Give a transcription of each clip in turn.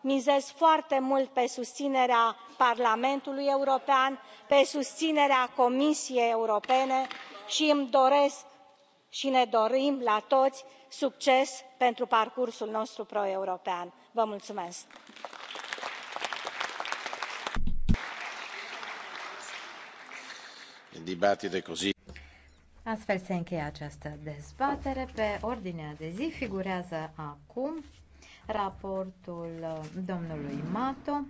mizez foarte mult pe susținerea parlamentului european pe susținerea comisiei europene și îmi doresc și ne dorim la toți succes pentru parcursul nostru pro european. vă mulțumesc. astfel se încheie această dezbatere. pe ordinea de zi figurează acum raportul uh, domnului Mato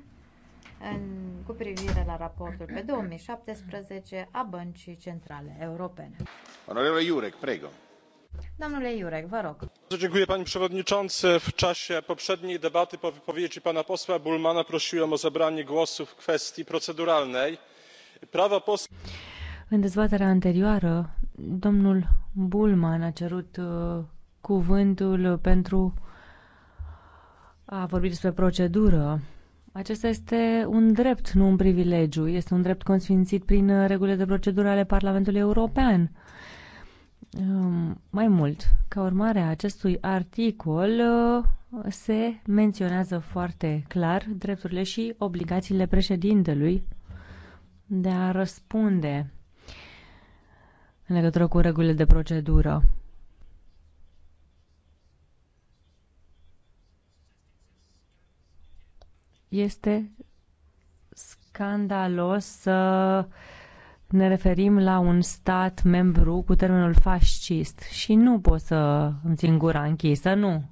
în, cu privire la raportul pe 2017 a Băncii Centrale Europene. Onorele Iurec, prego. Domnule Jurek, vă rog. Dziękuję Panie Przewodniczący! W czasie poprzedniej debaty po wypowiedzi pana posła Bulmana prosiłem o zabranie głosu w kwestii proceduralnej. Prawo pos... În dezbaterea anterioară, domnul Bulman a cerut uh, cuvântul pentru a vorbit despre procedură. Acesta este un drept, nu un privilegiu. Este un drept consfințit prin uh, regulile de procedură ale Parlamentului European. Um, mai mult, ca urmare a acestui articol, uh, se menționează foarte clar drepturile și obligațiile președintelui de a răspunde în legătură cu regulile de procedură. Este scandalos să ne referim la un stat membru cu termenul fascist și nu pot să îmi țin gura închisă, nu.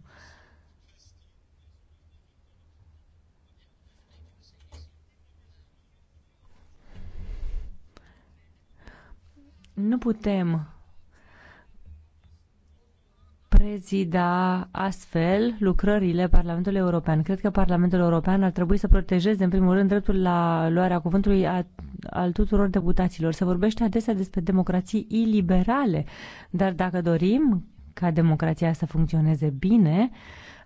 Nu putem prezida astfel lucrările Parlamentului European. Cred că Parlamentul European ar trebui să protejeze, în primul rând, dreptul la luarea cuvântului a, al tuturor deputaților. Se vorbește adesea despre democrații iliberale, dar dacă dorim ca democrația să funcționeze bine,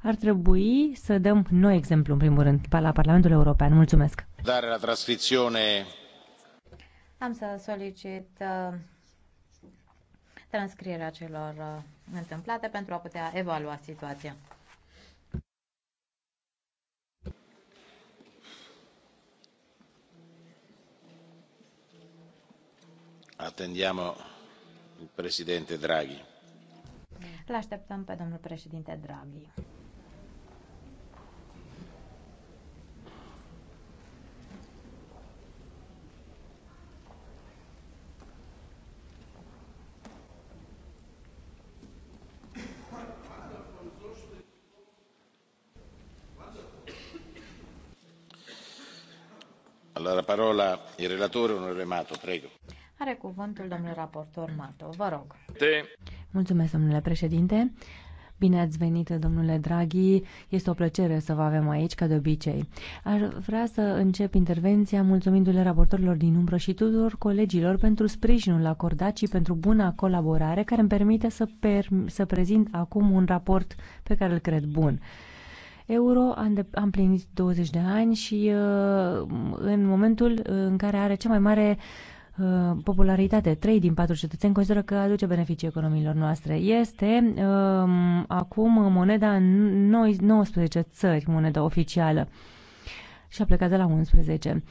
ar trebui să dăm noi exemplu, în primul rând, la Parlamentul European. Mulțumesc! Dar la transcripție. Am să solicit uh transcrierea celor uh, întâmplate pentru a putea evalua situația. Atendiamo il presidente Draghi. L-așteptăm pe domnul președinte Draghi. la parola Are cuvântul domnul raportor Mato, vă rog. De... Mulțumesc, domnule președinte. Bine ați venit, domnule Draghi. Este o plăcere să vă avem aici, ca de obicei. Aș vrea să încep intervenția mulțumindu-le raportorilor din umbră și tuturor colegilor pentru sprijinul acordat și pentru buna colaborare care îmi permite să, per- să prezint acum un raport pe care îl cred bun euro a împlinit 20 de ani și uh, în momentul în care are cea mai mare uh, popularitate, 3 din 4 cetățeni consideră că aduce beneficii economiilor noastre. Este um, acum moneda în 19 țări, moneda oficială și a plecat de la 11.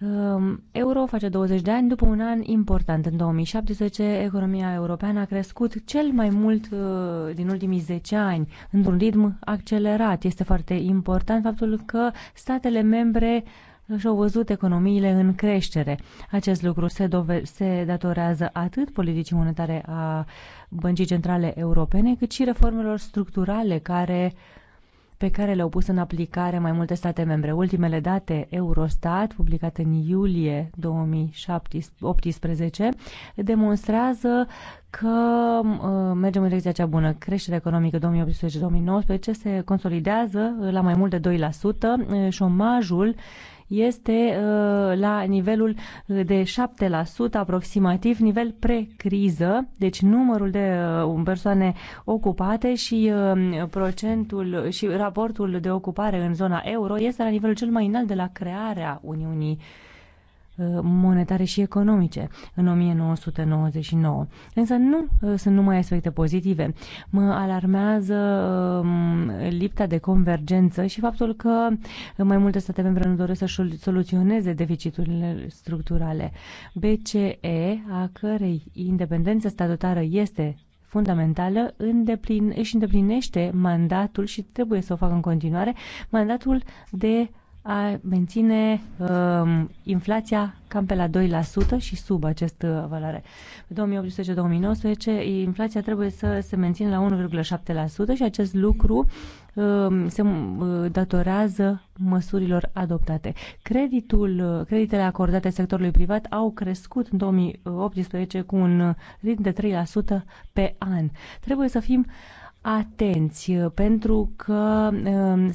Um, euro face 20 de ani după un an important. În 2017, economia europeană a crescut cel mai mult uh, din ultimii 10 ani, într-un ritm accelerat. Este foarte important faptul că statele membre și-au văzut economiile în creștere. Acest lucru se, dove- se datorează atât politicii monetare a Băncii Centrale Europene, cât și reformelor structurale care uh, pe care le-au pus în aplicare mai multe state membre. Ultimele date Eurostat, publicate în iulie 2018, demonstrează că uh, mergem în direcția cea bună. Creșterea economică 2018-2019 se consolidează la mai mult de 2%, șomajul este uh, la nivelul de 7% aproximativ, nivel pre-criză, deci numărul de uh, persoane ocupate și uh, procentul și raportul de ocupare în zona euro este la nivelul cel mai înalt de la crearea Uniunii Uh, monetare și economice în 1999. Însă nu uh, sunt numai aspecte pozitive. Mă alarmează um, lipta de convergență și faptul că mai multe state membre nu doresc să soluționeze deficiturile structurale. BCE, a cărei independență statutară este fundamentală îndeplin, își îndeplinește mandatul și trebuie să o facă în continuare, mandatul de a menține um, inflația cam pe la 2% și sub acest uh, valoare. Pe 2018-2019 inflația trebuie să se mențină la 1,7% și acest lucru um, se uh, datorează măsurilor adoptate. Creditul, uh, creditele acordate sectorului privat au crescut în 2018 cu un ritm de 3% pe an. Trebuie să fim atenți pentru că um,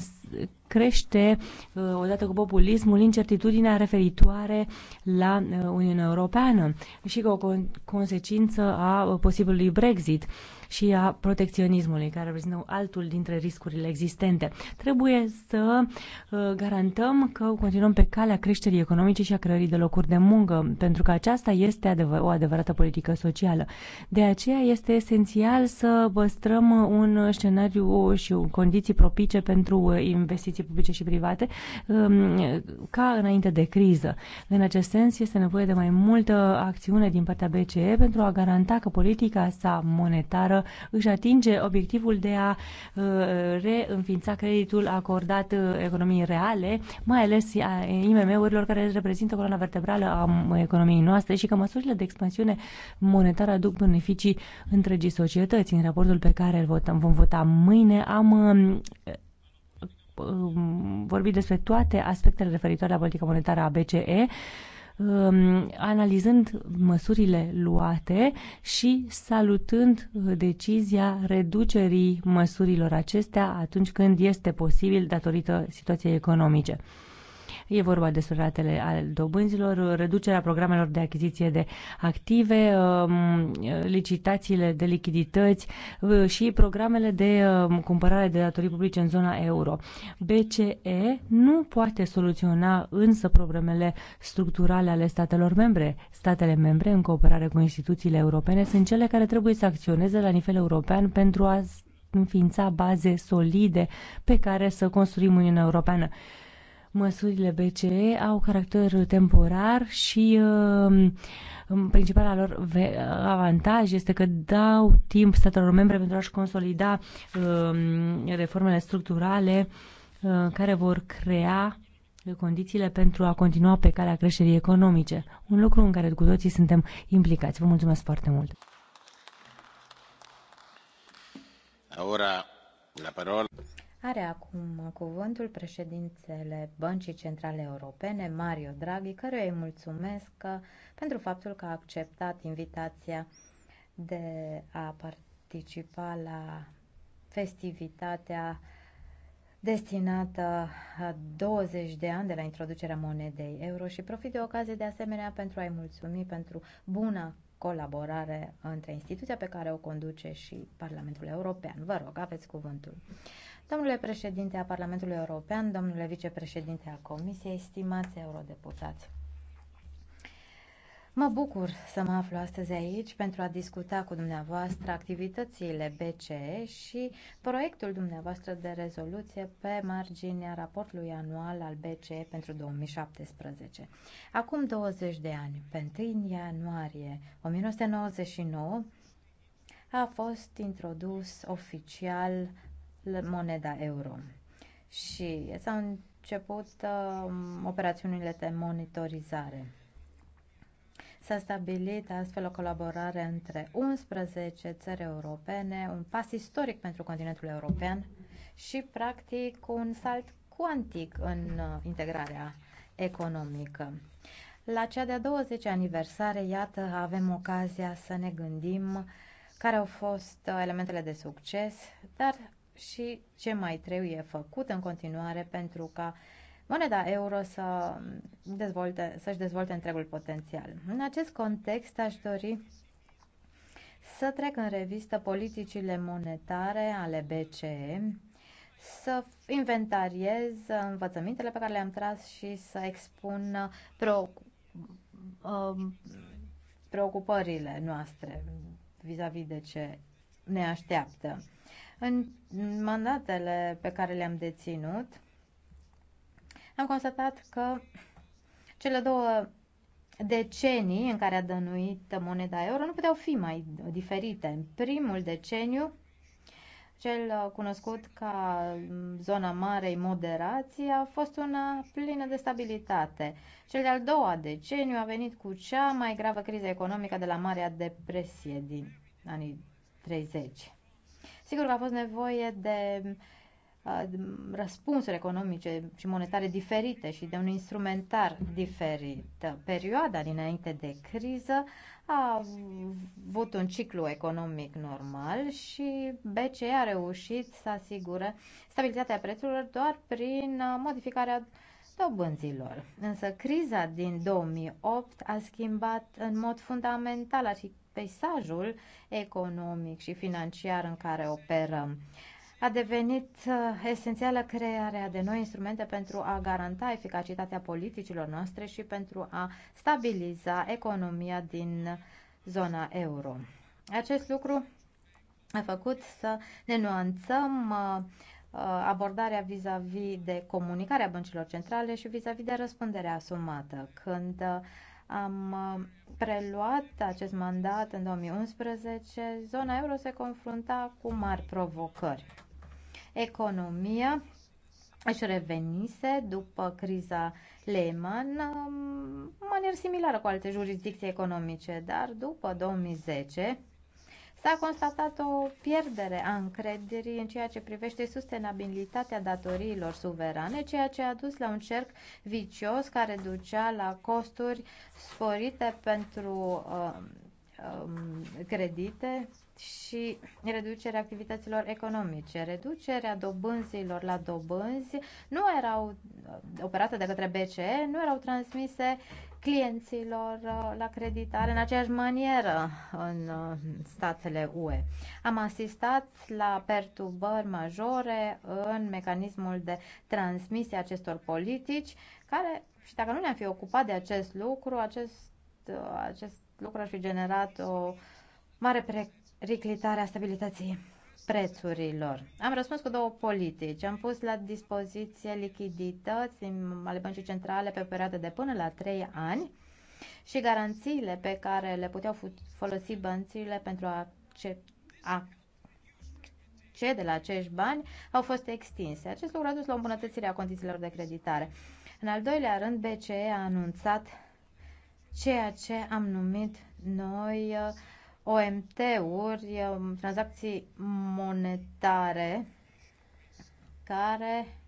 crește uh, odată cu populismul incertitudinea referitoare la uh, Uniunea Europeană și ca o consecință a uh, posibilului Brexit și a protecționismului, care reprezintă altul dintre riscurile existente. Trebuie să uh, garantăm că continuăm pe calea creșterii economice și a creării de locuri de muncă, pentru că aceasta este o adevărată politică socială. De aceea este esențial să păstrăm un scenariu și condiții propice pentru uh, investiții publice și private, um, ca înainte de criză. În acest sens, este nevoie de mai multă acțiune din partea BCE pentru a garanta că politica sa monetară își atinge obiectivul de a uh, reînființa creditul acordat uh, economiei reale, mai ales IMM-urilor care reprezintă coloana vertebrală a economiei noastre și că măsurile de expansiune monetară aduc beneficii întregii societăți. În raportul pe care îl votăm, vom vota mâine am uh, vorbit despre toate aspectele referitoare la politica monetară a BCE Um, analizând măsurile luate și salutând uh, decizia reducerii măsurilor acestea atunci când este posibil datorită situației economice. E vorba de ratele al dobânzilor, reducerea programelor de achiziție de active, um, licitațiile de lichidități uh, și programele de um, cumpărare de datorii publice în zona euro. BCE nu poate soluționa însă problemele structurale ale statelor membre. Statele membre, în cooperare cu instituțiile europene, sunt cele care trebuie să acționeze la nivel european pentru a înființa baze solide pe care să construim Uniunea Europeană. Măsurile BCE au caracter temporar și uh, principala lor uh, avantaj este că dau timp statelor membre pentru a-și consolida uh, reformele structurale care vor crea condițiile pentru a continua pe calea creșterii economice. Un lucru în care cu toții suntem implicați. Vă mulțumesc foarte mult! Ora la parola. Are acum cuvântul președintele Băncii Centrale Europene, Mario Draghi, căruia îi mulțumesc pentru faptul că a acceptat invitația de a participa la festivitatea destinată a 20 de ani de la introducerea monedei euro și profit de ocazie de asemenea pentru a-i mulțumi pentru bună colaborare între instituția pe care o conduce și Parlamentul European. Vă rog, aveți cuvântul. Domnule președinte a Parlamentului European, domnule vicepreședinte al Comisiei, stimați eurodeputați. Mă bucur să mă aflu astăzi aici pentru a discuta cu dumneavoastră activitățile BCE și proiectul dumneavoastră de rezoluție pe marginea raportului anual al BCE pentru 2017. Acum 20 de ani, pe 1 ianuarie 1999, a fost introdus oficial moneda euro. Și s-au început uh, operațiunile de monitorizare. S-a stabilit astfel o colaborare între 11 țări europene, un pas istoric pentru continentul european și, practic, un salt cuantic în uh, integrarea economică. La cea de-a 20 aniversare, iată, avem ocazia să ne gândim care au fost uh, elementele de succes, dar și ce mai trebuie făcut în continuare pentru ca moneda euro să dezvolte, să-și dezvolte întregul potențial. În acest context aș dori să trec în revistă politicile monetare ale BCE, să inventariez învățămintele pe care le-am tras și să expun uh, preocupările noastre vis-a-vis -vis de ce ne așteaptă. În mandatele pe care le-am deținut, am constatat că cele două decenii în care a dănuit moneda euro nu puteau fi mai diferite. În primul deceniu, cel cunoscut ca zona Marei Moderații, a fost una plină de stabilitate. Cel de-al doua deceniu a venit cu cea mai gravă criză economică de la Marea Depresie din anii 30. Sigur că a fost nevoie uh, de răspunsuri economice și monetare diferite și de un instrumentar diferit. Perioada dinainte de criză a avut un ciclu economic normal și BCE a reușit să asigure stabilitatea prețurilor doar prin uh, modificarea dobânzilor. Însă criza din 2008 a schimbat în mod fundamental peisajul economic și financiar în care operăm. A devenit uh, esențială crearea de noi instrumente pentru a garanta eficacitatea politicilor noastre și pentru a stabiliza economia din zona euro. Acest lucru a făcut să ne nuanțăm uh, uh, abordarea vis-a-vis -vis de comunicarea băncilor centrale și vis-a-vis -vis de răspunderea asumată. Când am uh, preluat acest mandat în 2011, zona euro se confrunta cu mari provocări. Economia își revenise după criza Lehman um, în manieră similară cu alte jurisdicții economice, dar după 2010 S-a constatat o pierdere a încrederii în ceea ce privește sustenabilitatea datoriilor suverane, ceea ce a dus la un cerc vicios care ducea la costuri sporite pentru uh, um, credite și reducerea activităților economice. Reducerea dobânzilor la dobânzi nu erau uh, operate de către BCE, nu erau transmise clienților uh, la creditare în aceeași manieră în uh, statele UE. Am asistat la perturbări majore în mecanismul de transmisie acestor politici, care, și dacă nu ne-am fi ocupat de acest lucru, acest, uh, acest lucru ar fi generat o mare periclitare a stabilității prețurilor. Am răspuns cu două politici. Am pus la dispoziție lichidități ale băncii centrale pe o perioadă de până la 3 ani și garanțiile pe care le puteau folosi băncile pentru a, ce, a accede la acești bani au fost extinse. Acest lucru a dus la îmbunătățirea condițiilor de creditare. În al doilea rând, BCE a anunțat ceea ce am numit noi uh, OMT-uri, um, tranzacții monetare, care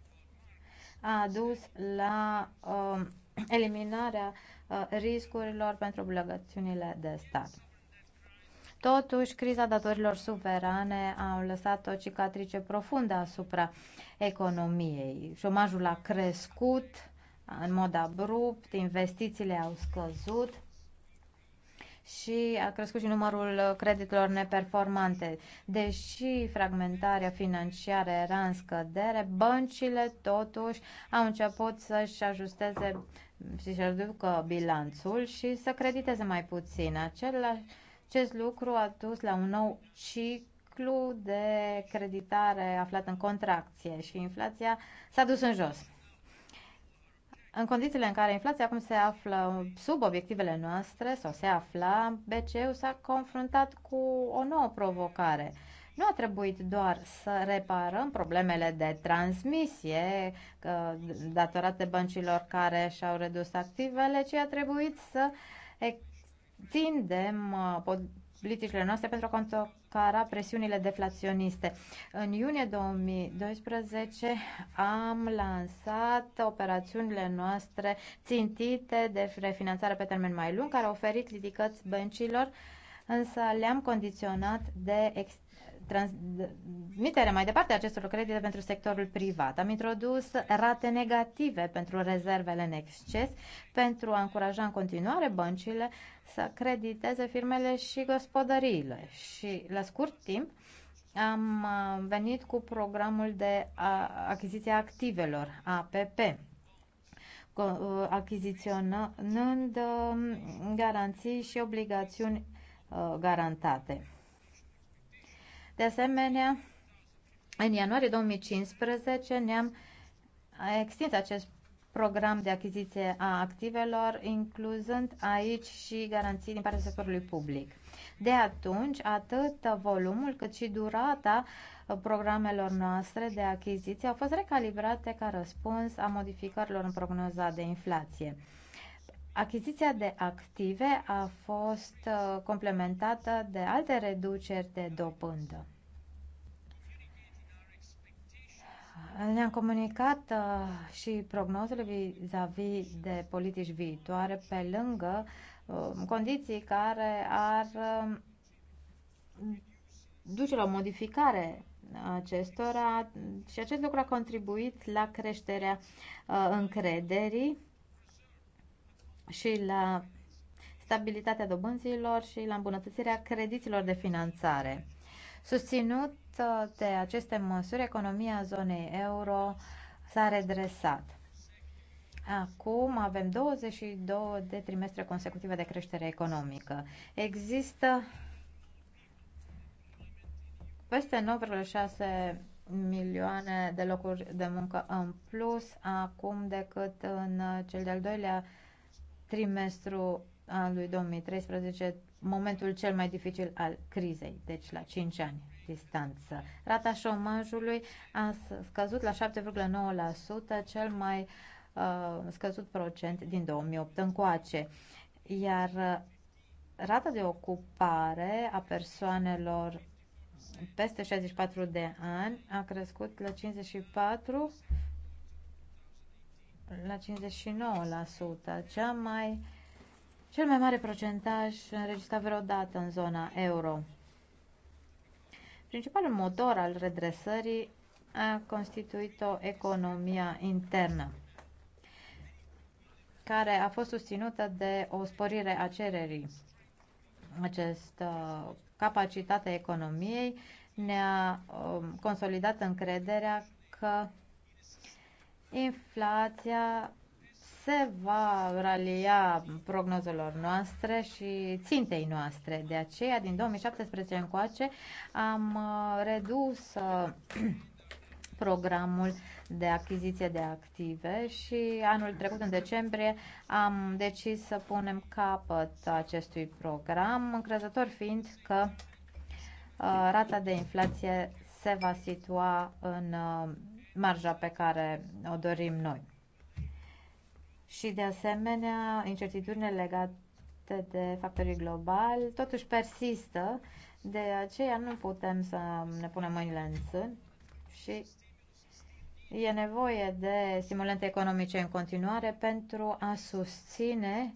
a dus la uh, eliminarea uh, riscurilor pentru obligațiunile de stat. Totuși, criza datorilor suverane a lăsat o cicatrice profundă asupra economiei. Șomajul a crescut în mod abrupt, investițiile au scăzut și a crescut și numărul creditelor neperformante. Deși fragmentarea financiară era în scădere, băncile totuși au început să-și ajusteze și să reducă bilanțul și să crediteze mai puțin. Același, acest lucru a dus la un nou ciclu de creditare aflat în contracție și inflația s-a dus în jos. În condițiile în care inflația acum se află sub obiectivele noastre sau se afla, BCE-ul s-a confruntat cu o nouă provocare. Nu a trebuit doar să reparăm problemele de transmisie datorate băncilor care și-au redus activele, ci a trebuit să extindem uh, politicile noastre pentru a contracara presiunile deflaționiste. În iunie 2012 am lansat operațiunile noastre țintite de refinanțare pe termen mai lung, care au oferit ridicăți băncilor, însă le-am condiționat de extinderea transmiterea mai departe acestor credite pentru sectorul privat. Am introdus rate negative pentru rezervele în exces pentru a încuraja în continuare băncile să crediteze firmele și gospodăriile. Și la scurt timp am uh, venit cu programul de achiziție activelor, APP uh, achiziționând um, garanții și obligațiuni uh, garantate. De asemenea, în ianuarie 2015 ne-am extins acest program de achiziție a activelor, incluzând aici și garanții din partea sectorului public. De atunci, atât volumul cât și durata programelor noastre de achiziție au fost recalibrate ca răspuns a modificărilor în prognoza de inflație. Achiziția de active a fost uh, complementată de alte reduceri de dobândă. Ne-am comunicat uh, și prognozele vis-a-vis -vis de politici viitoare pe lângă um, condiții care ar um, duce la o modificare acestora și acest lucru a contribuit la creșterea uh, încrederii și la stabilitatea dobânzilor și la îmbunătățirea creditilor de finanțare. Susținut uh, de aceste măsuri, economia zonei euro s-a redresat. Acum avem 22 de trimestre consecutive de creștere economică. Există peste 9,6 milioane de locuri de muncă în plus acum decât în uh, cel de-al doilea trimestru al lui 2013, momentul cel mai dificil al crizei, deci la 5 ani distanță. Rata șomajului a scăzut la 7,9%, cel mai uh, scăzut procent din 2008 încoace, iar uh, rata de ocupare a persoanelor peste 64 de ani a crescut la 54 la 59%, cea mai, cel mai mare procentaj înregistrat vreodată în zona euro. Principalul motor al redresării a constituit-o economia internă, care a fost susținută de o sporire a cererii. Această capacitate economiei ne-a um, consolidat încrederea că inflația se va ralia prognozelor noastre și țintei noastre. De aceea, din 2017 încoace, am uh, redus uh, programul de achiziție de active și anul trecut, în decembrie, am decis să punem capăt acestui program, încrezător fiind că uh, rata de inflație se va situa în marja pe care o dorim noi. Și de asemenea, incertitudine legate de factorii globali totuși persistă, de aceea nu putem să ne punem mâinile în sân și e nevoie de stimulente economice în continuare pentru a susține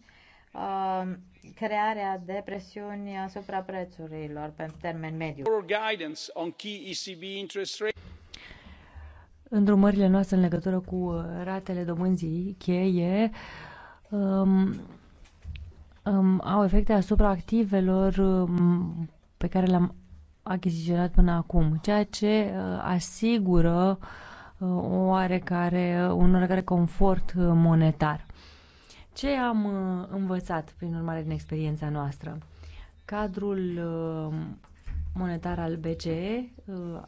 uh, crearea de presiuni asupra prețurilor pe termen mediu îndrumările noastre în legătură cu uh, ratele dobânzii cheie um, um, au efecte asupra activelor um, pe care le-am achiziționat până acum, ceea ce uh, asigură uh, oarecare, uh, un oarecare confort uh, monetar. Ce am uh, învățat, prin urmare, din experiența noastră? Cadrul uh, monetar al BCE uh,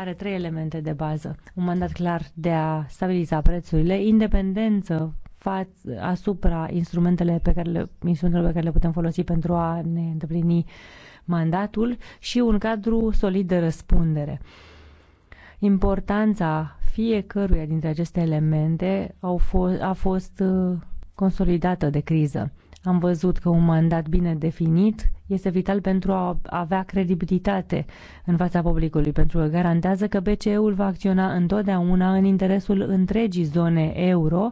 are trei elemente de bază. Un mandat clar de a stabiliza prețurile, independență față, asupra instrumentele pe care le, instrumentele pe care le putem folosi pentru a ne îndeplini mandatul și un cadru solid de răspundere. Importanța fiecăruia dintre aceste elemente au fost, a fost uh, consolidată de criză. Am văzut că un mandat bine definit este vital pentru a avea credibilitate în fața publicului, pentru că garantează că BCE-ul va acționa întotdeauna în interesul întregii zone euro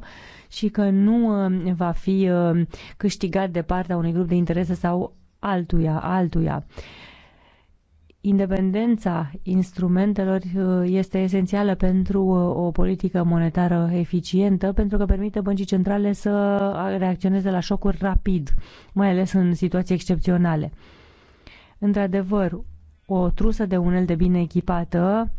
și că nu uh, va fi uh, câștigat de partea unui grup de interese sau altuia, altuia. Independența instrumentelor uh, este esențială pentru uh, o politică monetară eficientă, pentru că permite băncii centrale să reacționeze la șocuri rapid, mai ales în situații excepționale. Într-adevăr, o trusă de unel de bine echipată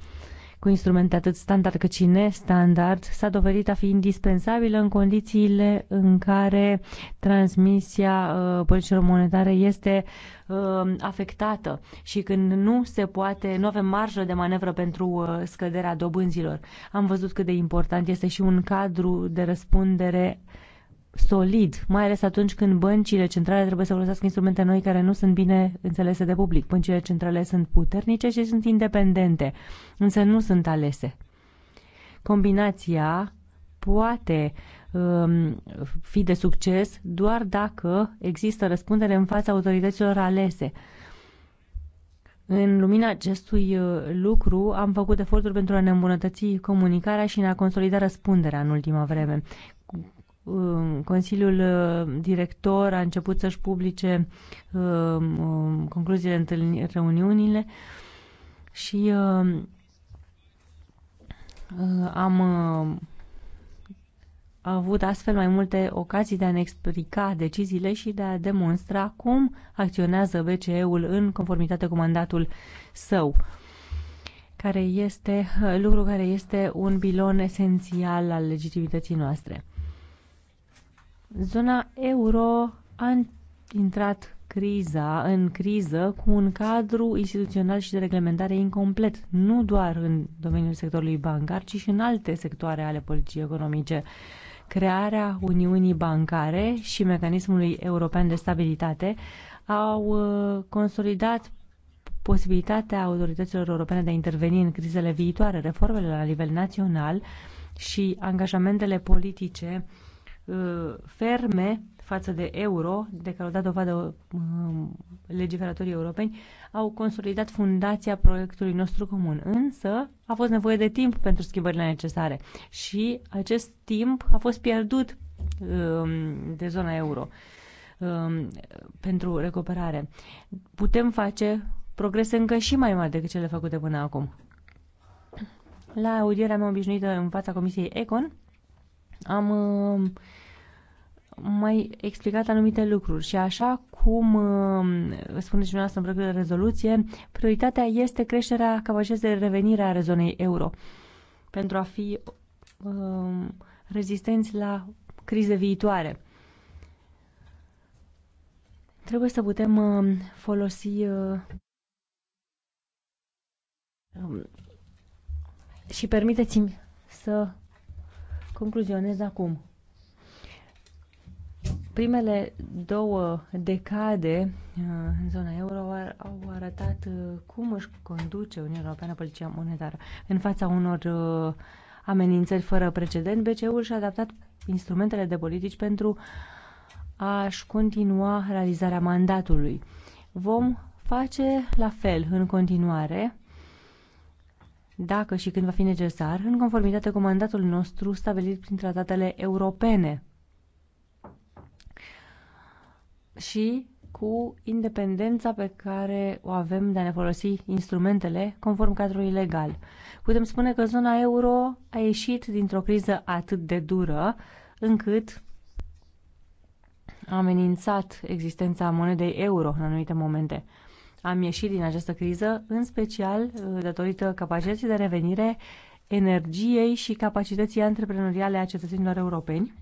cu instrumente atât standard cât și nestandard s-a dovedit a fi indispensabilă în condițiile în care transmisia uh, politicilor monetare este uh, afectată și când nu se poate, nu avem marjă de manevră pentru uh, scăderea dobânzilor. Am văzut cât de important este și un cadru de răspundere solid, mai ales atunci când băncile centrale trebuie să folosească instrumente noi care nu sunt bine înțelese de public. Băncile centrale sunt puternice și sunt independente, însă nu sunt alese. Combinația poate um, fi de succes doar dacă există răspundere în fața autorităților alese. În lumina acestui uh, lucru am făcut eforturi pentru a ne îmbunătăți comunicarea și ne-a consolida răspunderea în ultima vreme. Um, Consiliul uh, Director a început să-și publice um, um, concluziile reuniunile și uh, am uh, avut astfel mai multe ocazii de a ne explica deciziile și de a demonstra cum acționează BCE-ul în conformitate cu mandatul său, care este lucru care este un bilon esențial al legitimității noastre. Zona euro a intrat criza, în criză cu un cadru instituțional și de reglementare incomplet, nu doar în domeniul sectorului bancar, ci și în alte sectoare ale politicii economice. Crearea Uniunii Bancare și mecanismului european de stabilitate au uh, consolidat posibilitatea autorităților europene de a interveni în crizele viitoare, reformele la nivel național și angajamentele politice uh, Uh, ferme față de euro, de care au dat dovadă um, legiferatorii europeni, au consolidat fundația proiectului nostru comun. Însă a fost nevoie de timp pentru schimbările necesare și acest timp a fost pierdut um, de zona euro um, pentru recuperare. Putem face progrese încă și mai mari decât cele făcute până acum. La audierea mea obișnuită în fața Comisiei Econ, am um, mai explicat anumite lucruri și așa cum um, spuneți dumneavoastră în proiectul de rezoluție, prioritatea este creșterea capacității de revenire a zonei euro pentru a fi um, rezistenți la crize viitoare. Trebuie să putem uh, folosi uh, și permiteți-mi să concluzionez acum. Primele două decade uh, în zona euro au arătat uh, cum își conduce Uniunea Europeană politica monetară. În fața unor uh, amenințări fără precedent, BCE-ul și-a adaptat instrumentele de politici pentru a-și continua realizarea mandatului. Vom face la fel în continuare dacă și când va fi necesar, în conformitate cu mandatul nostru stabilit prin tratatele europene și cu independența pe care o avem de a ne folosi instrumentele conform cadrului legal. Putem spune că zona euro a ieșit dintr-o criză atât de dură încât a amenințat existența monedei euro în anumite momente am ieșit din această criză, în special uh, datorită capacității de revenire, energiei și capacității antreprenoriale a cetățenilor europeni.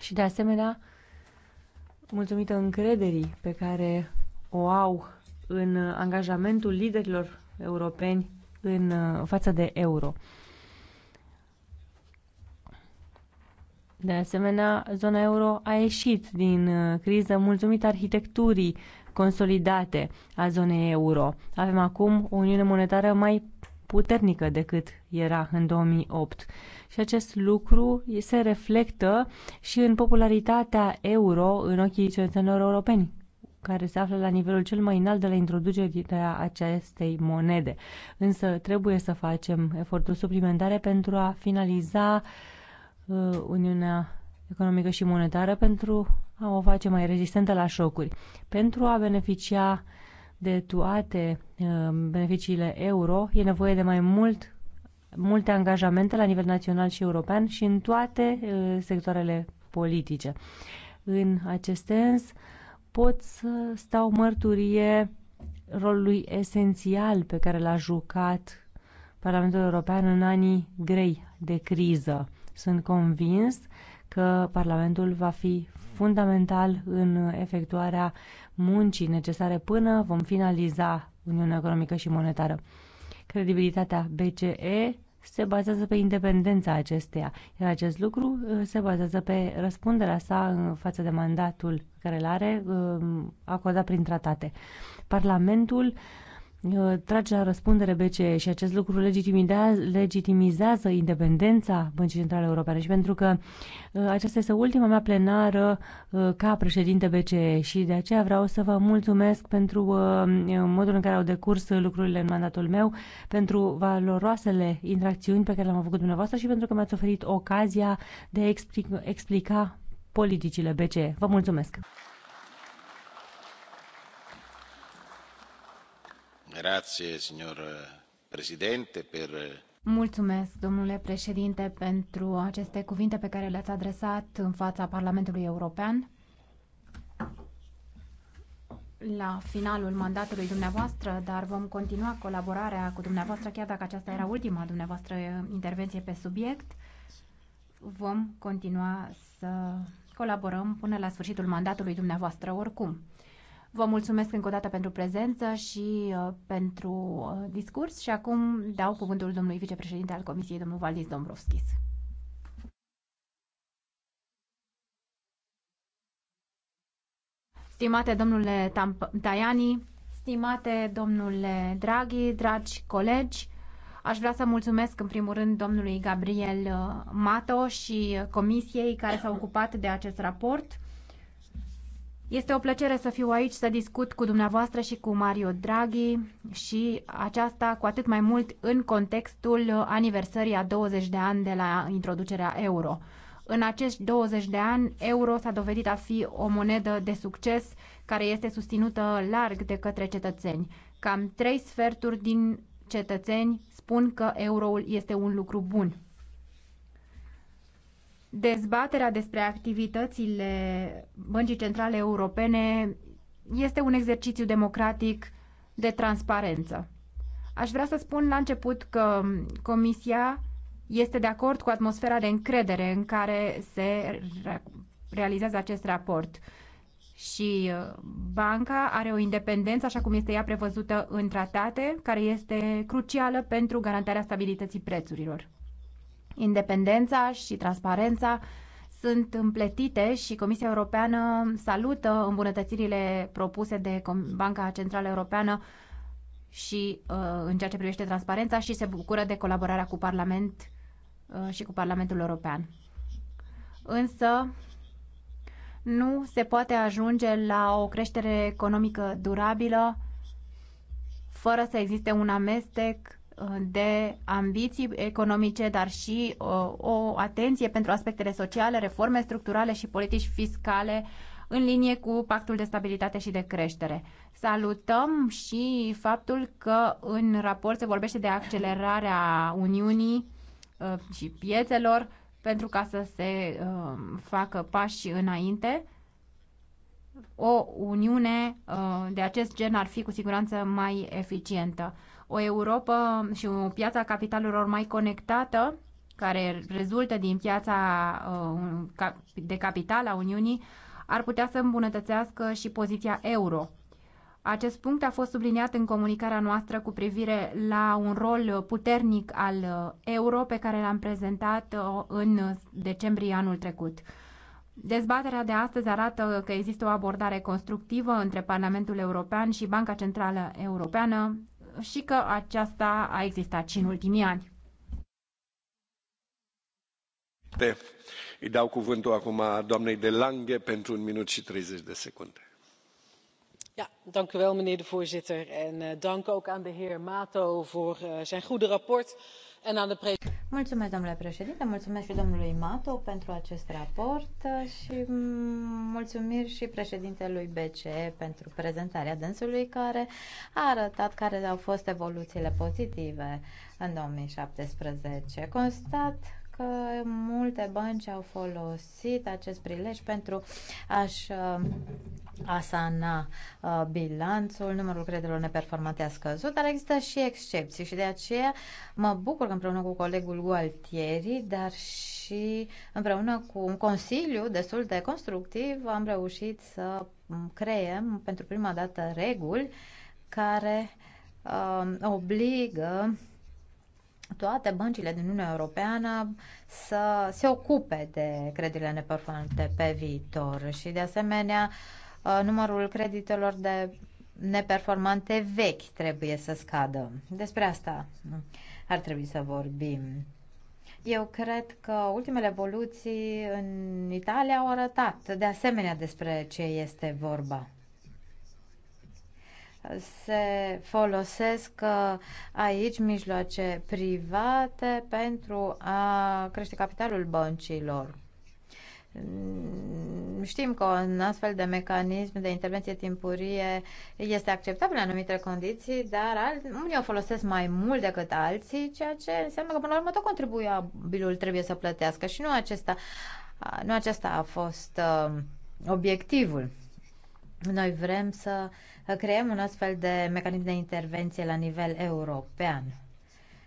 Și de asemenea, mulțumită încrederii pe care o au în angajamentul liderilor europeni în uh, față de euro. De asemenea, zona euro a ieșit din uh, criză mulțumită arhitecturii consolidate a zonei euro. Avem acum o uniune monetară mai puternică decât era în 2008. Și acest lucru se reflectă și în popularitatea euro în ochii cetățenilor europeni, care se află la nivelul cel mai înalt de la introducerea acestei monede. Însă trebuie să facem eforturi suplimentare pentru a finaliza uh, Uniunea Economică și Monetară pentru a o face mai rezistentă la șocuri. Pentru a beneficia de toate uh, beneficiile euro, e nevoie de mai mult multe angajamente la nivel național și european și în toate uh, sectoarele politice. În acest sens, pot să stau mărturie rolului esențial pe care l-a jucat Parlamentul European în anii grei de criză. Sunt convins că Parlamentul va fi fundamental în efectuarea muncii necesare până vom finaliza Uniunea Economică și Monetară. Credibilitatea BCE se bazează pe independența acesteia, iar acest lucru uh, se bazează pe răspunderea sa în uh, față de mandatul care îl are uh, acordat prin tratate. Parlamentul uh, Uh, trage la răspundere BCE și acest lucru legitimizează independența Băncii Centrale Europene și pentru că uh, aceasta este ultima mea plenară uh, ca președinte BCE și de aceea vreau să vă mulțumesc pentru modul în care au decurs lucrurile în mandatul meu, pentru valoroasele interacțiuni pe care le-am avut dumneavoastră și pentru că mi-ați oferit ocazia de a explica politicile BCE. Vă mulțumesc! Mulțumesc, domnule președinte, pentru aceste cuvinte pe care le-ați adresat în fața Parlamentului European. La finalul mandatului dumneavoastră, dar vom continua colaborarea cu dumneavoastră, chiar dacă aceasta era ultima dumneavoastră intervenție pe subiect. Vom continua să colaborăm până la sfârșitul mandatului dumneavoastră oricum. Vă mulțumesc încă o dată pentru prezență și uh, pentru uh, discurs și acum dau cuvântul domnului vicepreședinte al Comisiei, domnul Valdis Dombrovskis. Stimate domnule Tajani, stimate domnule Draghi, dragi colegi, Aș vrea să mulțumesc în primul rând domnului Gabriel uh, Mato și comisiei care s au ocupat de acest raport. Este o plăcere să fiu aici să discut cu dumneavoastră și cu Mario Draghi și aceasta cu atât mai mult în contextul aniversării a 20 de ani de la introducerea euro. În acești 20 de ani, euro s-a dovedit a fi o monedă de succes care este susținută larg de către cetățeni. Cam trei sferturi din cetățeni spun că euroul este un lucru bun. Dezbaterea despre activitățile Băncii Centrale Europene este un exercițiu democratic de transparență. Aș vrea să spun la început că Comisia este de acord cu atmosfera de încredere în care se realizează acest raport și uh, banca are o independență, așa cum este ea prevăzută în tratate, care este crucială pentru garantarea stabilității prețurilor. Independența și transparența sunt împletite și Comisia Europeană salută îmbunătățirile propuse de Banca Centrală Europeană și uh, în ceea ce privește transparența și se bucură de colaborarea cu Parlament uh, și cu Parlamentul European. Însă nu se poate ajunge la o creștere economică durabilă fără să existe un amestec de ambiții economice, dar și uh, o atenție pentru aspectele sociale, reforme structurale și politici fiscale în linie cu Pactul de Stabilitate și de Creștere. Salutăm și faptul că în raport se vorbește de accelerarea Uniunii uh, și piețelor pentru ca să se uh, facă pași înainte. O Uniune de acest gen ar fi cu siguranță mai eficientă o Europa și o piață a capitalurilor mai conectată, care rezultă din piața uh, de capital a Uniunii, ar putea să îmbunătățească și poziția euro. Acest punct a fost subliniat în comunicarea noastră cu privire la un rol puternic al uh, euro pe care l-am prezentat uh, în decembrie anul trecut. Dezbaterea de astăzi arată că există o abordare constructivă între Parlamentul European și Banca Centrală Europeană și că aceasta a existat și în ultimii ani. Îi dau cuvântul acum doamnei de Lange pentru un minut și 30 de secunde voorzitter eh, dank ook aan de heer mato voor eh, zijn goede verslag en aan de Mulțumesc, domnule președinte, mulțumesc și domnului Mato pentru acest raport eh, și mm, mulțumiri și președintelui BCE pentru prezentarea dânsului care a arătat care au fost evoluțiile pozitive în 2017. Constat că multe bănci au folosit acest prilej pentru a-și uh, asana uh, bilanțul, numărul creditelor neperformante a scăzut, dar există și excepții și de aceea mă bucur că împreună cu colegul Gualtieri, dar și împreună cu un consiliu destul de constructiv am reușit să creem pentru prima dată reguli care uh, obligă uh, toate băncile din Uniunea Europeană să se ocupe de creditele neperformante pe viitor și, de asemenea, uh, numărul creditelor de neperformante vechi trebuie să scadă. Despre asta ar trebui să vorbim. Eu cred că ultimele evoluții în Italia au arătat de asemenea despre ce este vorba se folosesc uh, aici mijloace private pentru a crește capitalul băncilor. Mm, știm că un astfel de mecanism de intervenție timpurie este acceptabil în anumite condiții, dar unii o folosesc mai mult decât alții, ceea ce înseamnă că până la urmă tot contribuabilul trebuie să plătească și nu acesta, nu acesta a fost uh, obiectivul. Noi vrem să creăm un astfel de mecanism de intervenție la nivel european.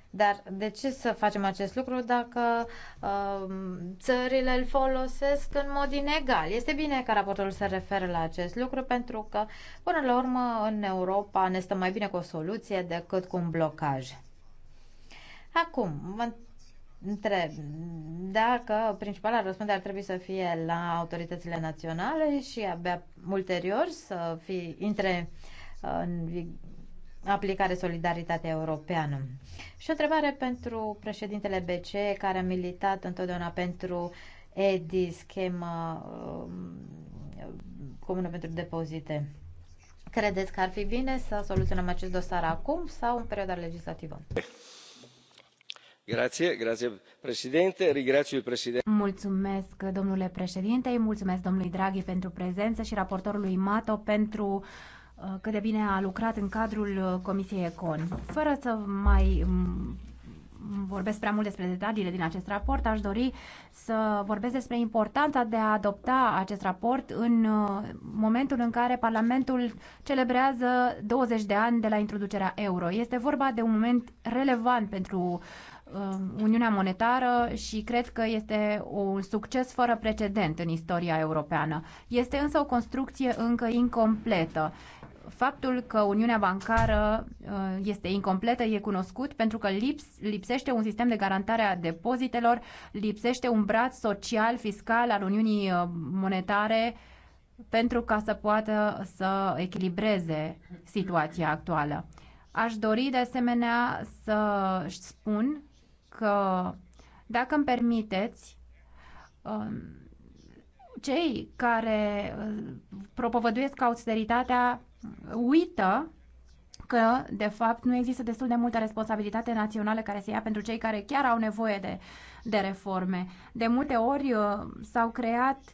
Dar de ce să facem acest lucru dacă uh, țările îl folosesc în mod inegal? Este bine că raportul se referă la acest lucru pentru că, până la urmă, în Europa ne stăm mai bine cu o soluție decât cu un blocaj. Acum, întreb dacă principala răspundere ar trebui să fie la autoritățile naționale și abia ulterior să fie intre uh, în aplicare solidaritatea europeană. Și o întrebare pentru președintele BC, care a militat întotdeauna pentru EDI, schema uh, comună pentru depozite. Credeți că ar fi bine să soluționăm acest dosar acum sau în perioada legislativă? Mulțumesc, domnule președinte, îi mulțumesc domnului Draghi pentru prezență și raportorului Mato pentru uh, cât de bine a lucrat în cadrul uh, Comisiei Econ. Fără să mai mm, vorbesc prea mult despre detaliile din acest raport, aș dori să vorbesc despre importanța de a adopta acest raport în uh, momentul în care Parlamentul celebrează 20 de ani de la introducerea euro. Este vorba de un moment relevant pentru Um, Uniunea Monetară și cred că este un succes fără precedent în istoria europeană. Este însă o construcție încă incompletă. Faptul că Uniunea Bancară uh, este incompletă e cunoscut pentru că lips, lipsește un sistem de garantare a depozitelor, lipsește un braț social, fiscal al Uniunii uh, Monetare pentru ca să poată să echilibreze situația actuală. Aș dori de asemenea să spun că, dacă îmi permiteți, um, cei care uh, propovăduiesc austeritatea uită că, de fapt, nu există destul de multă responsabilitate națională care se ia pentru cei care chiar au nevoie de, de reforme. De multe ori uh, s-au creat uh,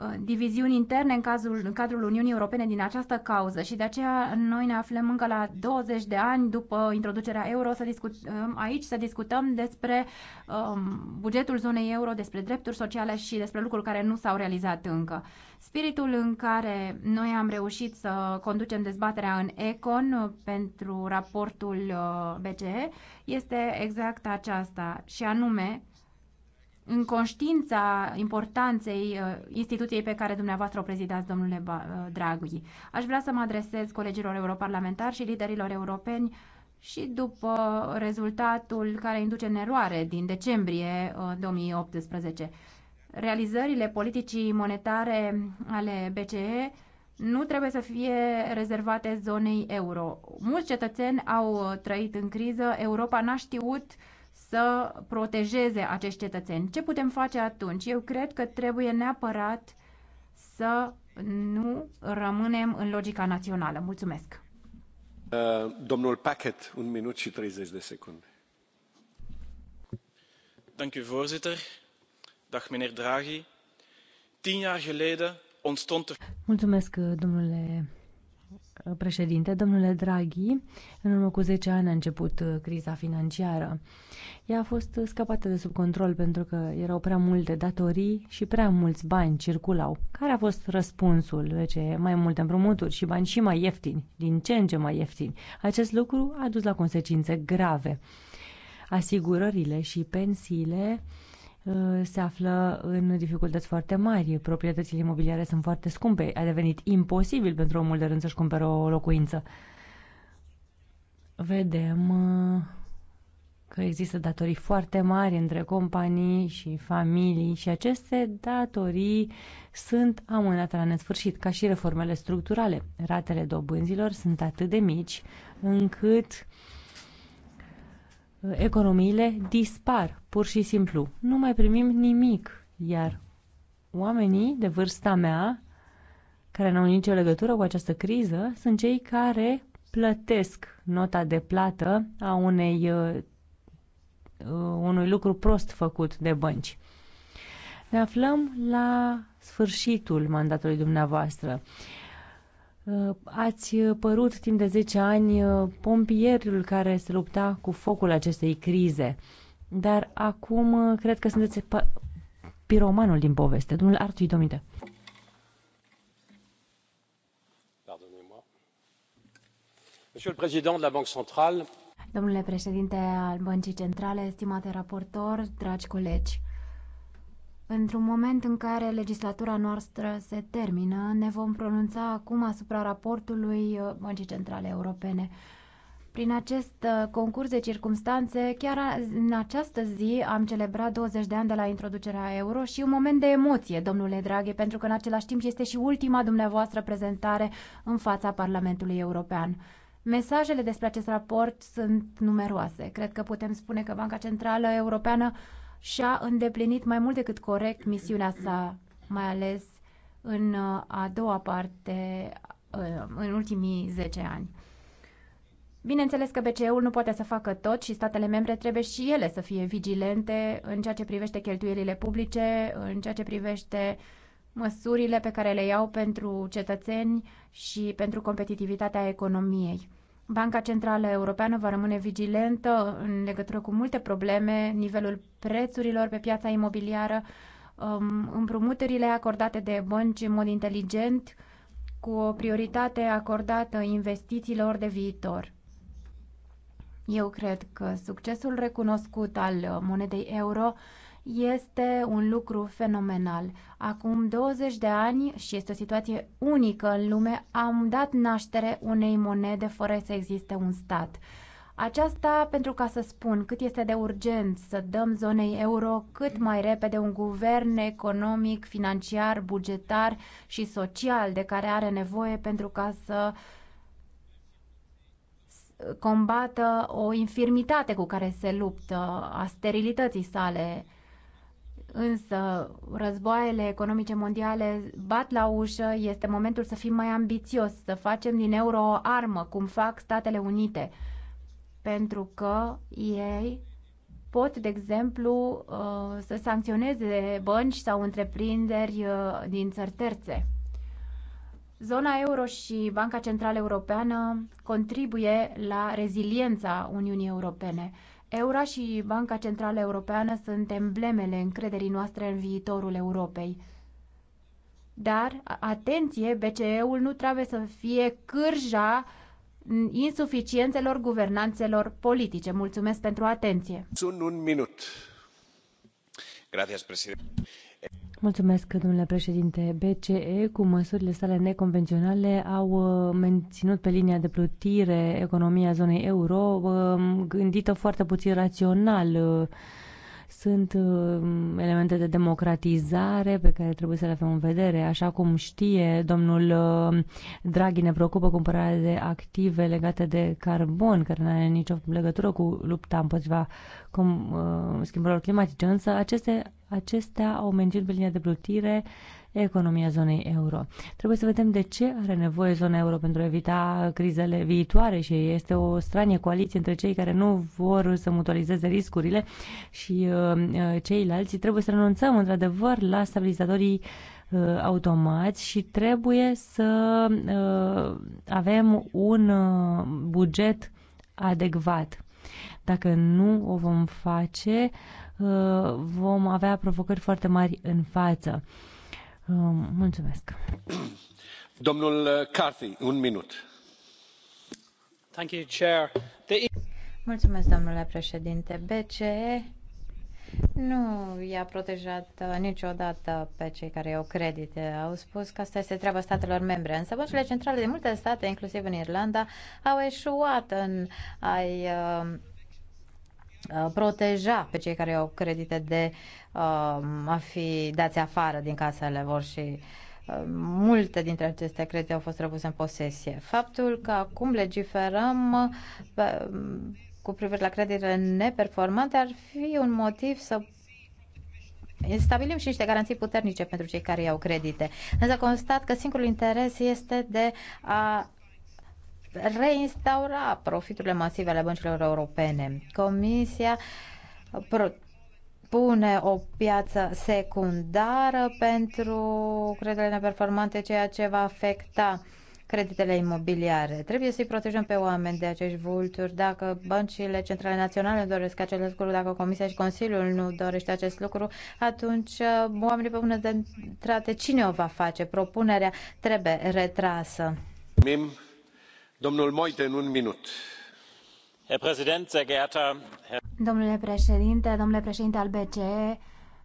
Uh, diviziuni interne în, cazul, în cadrul Uniunii Europene din această cauză și de aceea noi ne aflăm încă la 20 de ani după introducerea euro să discutăm aici, să discutăm despre um, bugetul zonei euro, despre drepturi sociale și despre lucruri care nu s-au realizat încă. Spiritul în care noi am reușit să conducem dezbaterea în Econ uh, pentru raportul uh, BCE este exact aceasta și anume în conștiința importanței uh, instituției pe care dumneavoastră o prezidați, domnule uh, Draghi. Aș vrea să mă adresez colegilor europarlamentari și liderilor europeni și după rezultatul care induce în eroare din decembrie 2018. Uh, Realizările politicii monetare ale BCE nu trebuie să fie rezervate zonei euro. Mulți cetățeni au trăit în criză, Europa n-a știut uh, să protejeze acești cetățeni. Ce putem face atunci? Eu cred că trebuie neapărat să nu rămânem în logica națională. Mulțumesc! Uh, domnul Packet, un minut și 30 de secunde. Dank u, voorzitter. Dag, meneer Draghi. Tien jaar geleden ontstond er... Mulțumesc, domnule președinte. Domnule Draghi, în urmă cu 10 ani a început uh, criza financiară. Ea a fost uh, scăpată de sub control pentru că erau prea multe datorii și prea mulți bani circulau. Care a fost răspunsul? Deci mai multe împrumuturi și bani și mai ieftini, din ce în ce mai ieftini. Acest lucru a dus la consecințe grave. Asigurările și pensiile Uh, se află în dificultăți foarte mari. Proprietățile imobiliare sunt foarte scumpe. A devenit imposibil pentru omul de rând să-și cumpere o locuință. Vedem uh, că există datorii foarte mari între companii și familii și aceste datorii sunt amânate la nesfârșit, ca și reformele structurale. Ratele dobânzilor sunt atât de mici încât uh, economiile dispar, pur și simplu. Nu mai primim nimic, iar oamenii de vârsta mea, care n-au nicio legătură cu această criză, sunt cei care plătesc nota de plată a unei, uh, uh, unui lucru prost făcut de bănci. Ne aflăm la sfârșitul mandatului dumneavoastră. Uh, ați uh, părut timp de 10 ani uh, pompierul care se lupta cu focul acestei crize, dar acum cred că sunteți piromanul din poveste, domnul Artui Domite. la Banque Centrale, Domnule președinte al Băncii Centrale, stimate raportor, dragi colegi, Într-un moment în care legislatura noastră se termină, ne vom pronunța acum asupra raportului uh, Băncii Centrale Europene. Prin acest uh, concurs de circumstanțe, chiar în această zi am celebrat 20 de ani de la introducerea euro și un moment de emoție, domnule Draghi, pentru că în același timp este și ultima dumneavoastră prezentare în fața Parlamentului European. Mesajele despre acest raport sunt numeroase. Cred că putem spune că Banca Centrală Europeană și-a îndeplinit mai mult decât corect misiunea sa, mai ales în uh, a doua parte, uh, în ultimii 10 ani. Bineînțeles că BCE-ul nu poate să facă tot și statele membre trebuie și ele să fie vigilente în ceea ce privește cheltuielile publice, în ceea ce privește măsurile pe care le iau pentru cetățeni și pentru competitivitatea economiei. Banca Centrală Europeană va rămâne vigilentă în legătură cu multe probleme, nivelul prețurilor pe piața imobiliară, um, împrumuturile acordate de bănci în mod inteligent, cu o prioritate acordată investițiilor de viitor. Eu cred că succesul recunoscut al monedei euro este un lucru fenomenal. Acum 20 de ani, și este o situație unică în lume, am dat naștere unei monede fără să existe un stat. Aceasta pentru ca să spun cât este de urgent să dăm zonei euro cât mai repede un guvern economic, financiar, bugetar și social de care are nevoie pentru ca să combată o infirmitate cu care se luptă a sterilității sale Însă, războaiele economice mondiale bat la ușă, este momentul să fim mai ambițios, să facem din euro o armă, cum fac Statele Unite, pentru că ei pot, de exemplu, uh, să sancționeze bănci sau întreprinderi uh, din țări terțe. Zona euro și Banca Centrală Europeană contribuie la reziliența Uniunii Europene. Eura și Banca Centrală Europeană sunt emblemele încrederii noastre în viitorul Europei. Dar, atenție, BCE-ul nu trebuie să fie cârja insuficiențelor guvernanțelor politice. Mulțumesc pentru atenție. Sunt un minut. Gracias, președinte Mulțumesc, domnule președinte. BCE, cu măsurile sale neconvenționale, au uh, menținut pe linia de plutire economia zonei euro, uh, gândită foarte puțin rațional. Sunt uh, elemente de democratizare pe care trebuie să le avem în vedere. Așa cum știe, domnul Draghi ne preocupă cumpărarea de active legate de carbon, care nu are nicio legătură cu lupta împotriva schimbărilor climatice, însă aceste Acestea au menținut pe linia de plutire economia zonei euro. Trebuie să vedem de ce are nevoie zona euro pentru a evita crizele viitoare și este o stranie coaliție între cei care nu vor să mutualizeze riscurile și uh, uh ceilalți. Trebuie să renunțăm într-adevăr la stabilizatorii uh, automați și trebuie să uh, avem un uh, buget adecvat. Dacă nu o vom face, uh, Uh, vom avea provocări foarte mari în față. Uh, mulțumesc. Domnul Carthy, un minut. Thank you, Chair. The... Mulțumesc, domnule președinte. BCE nu i-a protejat uh, niciodată pe cei care au credite. Au spus că asta este treaba statelor membre. Însă băncile centrale din multe state, inclusiv în Irlanda, au eșuat în a-i uh, Uh, proteja pe cei care au credite de uh, a fi dați afară din casele lor și uh, multe dintre aceste credite au fost răpuse în posesie. Faptul că acum legiferăm cu privire la creditele neperformante ar fi un motiv să stabilim și niște garanții puternice pentru cei care iau credite. Însă constat că singurul interes este de a reinstaura profiturile masive ale băncilor europene. Comisia pune o piață secundară pentru creditele neperformante, ceea ce va afecta creditele imobiliare. Trebuie să-i protejăm pe oameni de acești vulturi. Dacă băncile centrale naționale doresc acest lucru, dacă Comisia și Consiliul nu dorește acest lucru, atunci uh, oamenii pe bună de trate, cine o va face? Propunerea trebuie retrasă. Mim domnule președinte domnule președinte al bce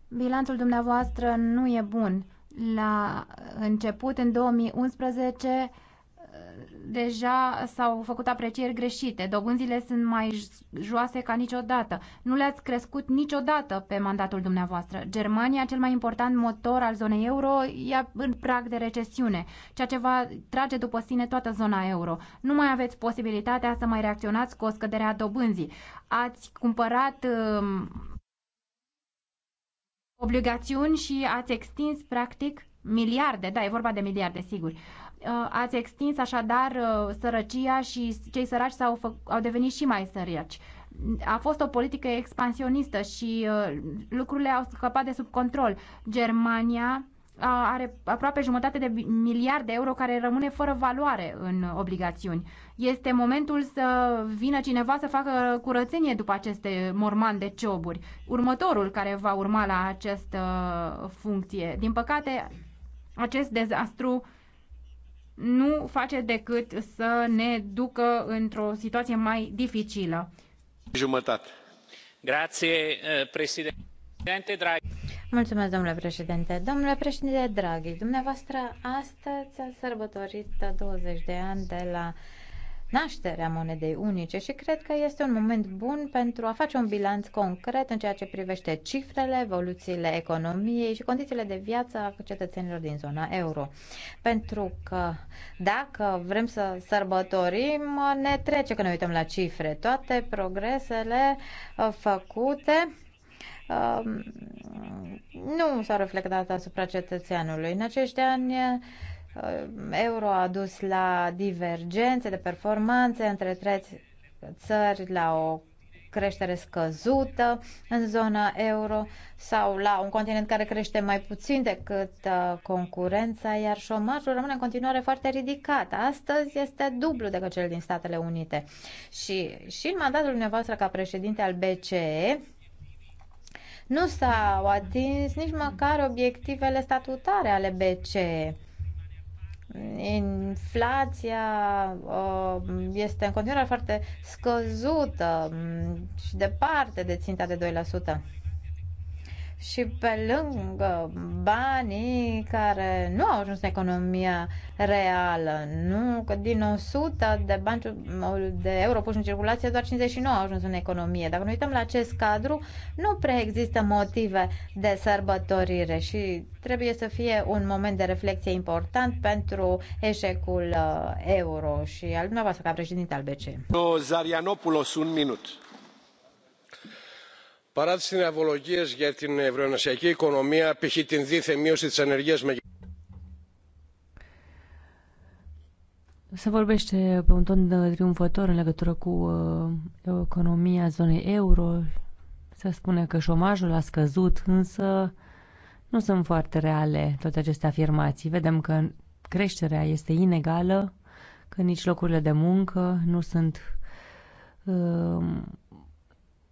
bilanțul dumneavoastră nu e bun. la început în două mii unsprezece deja s-au făcut aprecieri greșite. Dobânzile sunt mai joase ca niciodată. Nu le-ați crescut niciodată pe mandatul dumneavoastră. Germania, cel mai important motor al zonei euro, e în prag de recesiune, ceea ce va trage după sine toată zona euro. Nu mai aveți posibilitatea să mai reacționați cu o scădere a dobânzii. Ați cumpărat um, obligațiuni și ați extins, practic, miliarde, da, e vorba de miliarde, sigur, Uh, ați extins așadar uh, sărăcia și cei săraci s-au au devenit și mai săraci. A fost o politică expansionistă și uh, lucrurile au scăpat de sub control. Germania are aproape jumătate de miliard de euro care rămâne fără valoare în obligațiuni. Este momentul să vină cineva să facă curățenie după aceste morman de cioburi. Următorul care va urma la această funcție. Din păcate, acest dezastru nu face decât să ne ducă într-o situație mai dificilă. Jumătate. Eh, președinte Mulțumesc, domnule președinte. Domnule președinte Draghi, dumneavoastră astăzi a sărbătorit 20 de ani de la nașterea monedei unice și cred că este un moment bun pentru a face un bilanț concret în ceea ce privește cifrele, evoluțiile economiei și condițiile de viață a cetățenilor din zona euro. Pentru că dacă vrem să sărbătorim, ne trece când ne uităm la cifre. Toate progresele uh, făcute um, nu s-au reflectat asupra cetățeanului. În acești ani Uh, euro a dus la divergențe de performanțe între trei țări, la o creștere scăzută în zona euro sau la un continent care crește mai puțin decât uh, concurența, iar șomajul rămâne în continuare foarte ridicat. Astăzi este dublu decât cel din Statele Unite. Și, și în mandatul dumneavoastră ca președinte al BCE, nu s-au atins nici măcar obiectivele statutare ale BCE inflația uh, este în continuare foarte scăzută mm, și departe de ținta de 2% și pe lângă banii care nu au ajuns în economia reală, nu? Că din 100 de bani de euro puși în circulație, doar 59 au ajuns în economie. Dacă ne uităm la acest cadru, nu prea există motive de sărbătorire și trebuie să fie un moment de reflexie important pentru eșecul uh, euro și al dumneavoastră ca președinte al BCE. Zarianopoulos, un minut παρά τις συναυολογίες για την ευρωενωσιακή οικονομία επιχειτηνθεί θεμείωση της με... Se vorbește pe un ton triumfător în legătură cu uh, economia zonei euro. Se spune că șomajul a scăzut, însă nu sunt foarte reale toate aceste afirmații. Vedem că creșterea este inegală, că nici locurile de muncă nu sunt uh,